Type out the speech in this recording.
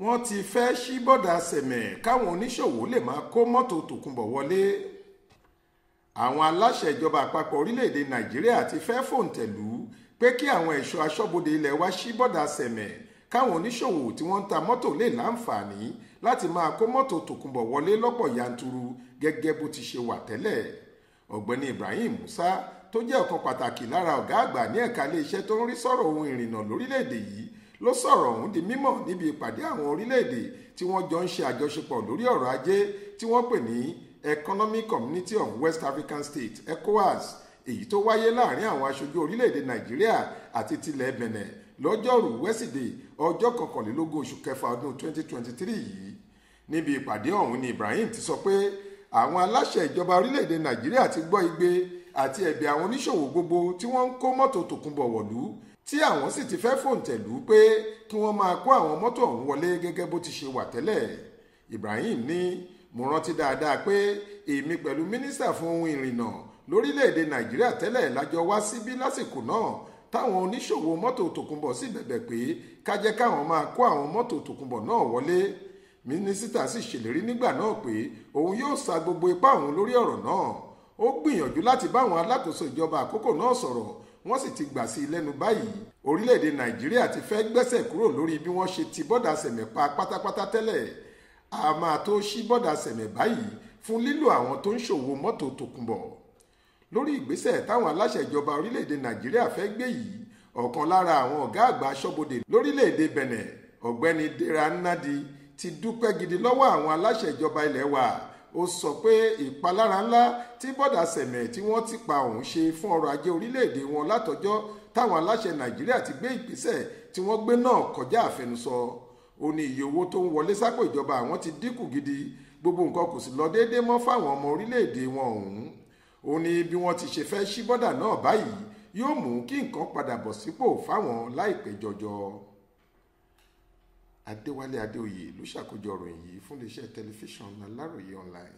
wọ́n ti fẹ́ ṣí bọ́dà sẹ̀mẹ̀ káwọn oníṣòwò lè máa kó mọ́tò tòkunbọ̀ wọlé àwọn aláṣẹ ìjọba àpapọ̀ orílẹ̀-èdè nàìjíríà ti fẹ́ fòǹtẹ̀lù pé kí àwọn ẹ̀ṣọ́ aṣọ́bodè ilẹ̀ wa ṣí bọ́dà sẹ̀mẹ̀ káwọn oníṣòwò tí wọ́n ń ta mọ́tò lè láǹfààní láti máa kó mọ́tò tòkunbọ̀ wọlé lọ́pọ̀ yanturu gẹ́gẹ́ bó ti ṣe wà tẹ́lẹ̀ ọ̀gbẹ́ni ibrahim musa tó jẹ́ ọ̀kan pàtàkì lára ọ̀gá àgbà ní ẹ̀ka iléeṣẹ́ tó ń rí sọ̀rọ̀ ohun ìrìnnà lórílẹ̀-èdè yìí ló sọ̀rọ̀ ọ̀hún di mímọ̀ níbi ìpàdé àwọn orílẹ̀-èdè tí wọ́n jọ ń ṣe àjọṣepọ̀ lórí ọ̀rọ̀ ajé tí wọ́n pè ní Economic Community of West African States ECOWAS èyí tó wáyé láàrin àwọn aṣojú orílẹ̀-èdè Nàìjíríà àti tilẹ̀ Benin lọ́jọ́rùú wẹ́sídẹ̀ẹ́ ọjọ́ kọkànlélógún oṣù kẹfà ọdún 2023 yìí níbi ìpàdé ọ̀hún ni Ibrahim ti sọ pé àwọn aláṣẹ ìjọba orílẹ̀-èdè Nàìjíríà ti gbọ́ igbe àti ẹ̀bẹ̀ àwọn oníṣòwò gbogbo tí wọ́n ń kó mọ́tò tòkunbọ̀ wọ̀lú tí àwọn sì ti fẹ́ fòǹtẹ̀lù pé kí wọ́n máa kó àwọn mọ́tò ọ̀hún wọlé gẹ́gẹ́ bó ti ṣe wà tẹ́lẹ̀ Ibrahim ní mo rántí dáadáa pé èmi pẹ̀lú mínísítà fún ohun ìrìnnà lórílẹ̀‐èdè Nàìjíríà tẹ́lẹ̀ la jọ wá síbí lásìkò náà táwọn oníṣòwò mọ́tò Tòkunbọ̀ sì bẹ̀bẹ̀ pé ká jẹ́ káwọn máa kó àwọn mọ́tò Tòkunbọ̀ náà wọlé mínísítà sì ṣèlérí nígbà náà pé òun yóò sa gbogbo ipá òun lórí ọ̀rọ̀ náà ó gbìyànjú láti bá àwọn alákòóso ìjọba àkókò náà sọ̀rọ̀ wọ́n sì ti gbà sí i lẹ́nu báyìí orílẹ̀-èdè nàìjíríà ti fẹ́ gbẹ́sẹ̀ kúrò lórí bí wọ́n ṣe ti bọ́dà sẹ̀mẹ̀ pa pátápátá tẹ́lẹ̀ a máa tó ṣí bọ́dà sẹ̀mẹ̀ báyìí fún lílo àwọn tó ń ṣòwò mọ́tò tòkunbọ̀ lórí ìgbésẹ̀ táwọn aláṣẹ ìjọba orílẹ̀-èdè nàìjíríà fẹ́ gbé yìí ọ̀kan lára àwọn ọ̀gá àgbà aṣọ́bodè lórílẹ̀-èdè bẹ̀nẹ̀ ọ̀gbẹ́ni dera nnadi ti dúpẹ́ gidi lọ́wọ́ àwọn aláṣẹ ìjọba ilẹ̀ wa ó sọ pé ìpalára ńlá tí bọ́dà sẹ̀mẹ̀ tí wọ́n ti pa òun ṣe fún ọrọ̀ ajé orílẹ̀-èdè wọn látọjọ́ táwọn aláṣẹ nàìjíríà ti gbé ìgbésẹ̀ tí wọ́n gbé náà kọjá àfẹnusọ ó ní iye owó tó ń wọlé sápò ìjọba àwọn ti dínkù gidi gbogbo nǹkan kò sì lọ déédéé mọ́ fáwọn ọmọ orílẹ̀-èdè wọn ọ̀hún ó ní bí wọ́n ti ṣe fẹ́ ṣí bọ́dà náà báyìí yóò mú kí nǹkan padà bọ̀ sípò fáwọn láìpẹ́ jọjọ adéwálé adéoyè ló ṣàkójọ ìròyìn yìí fún iléeṣẹ́ tẹlifíṣàn aláròye online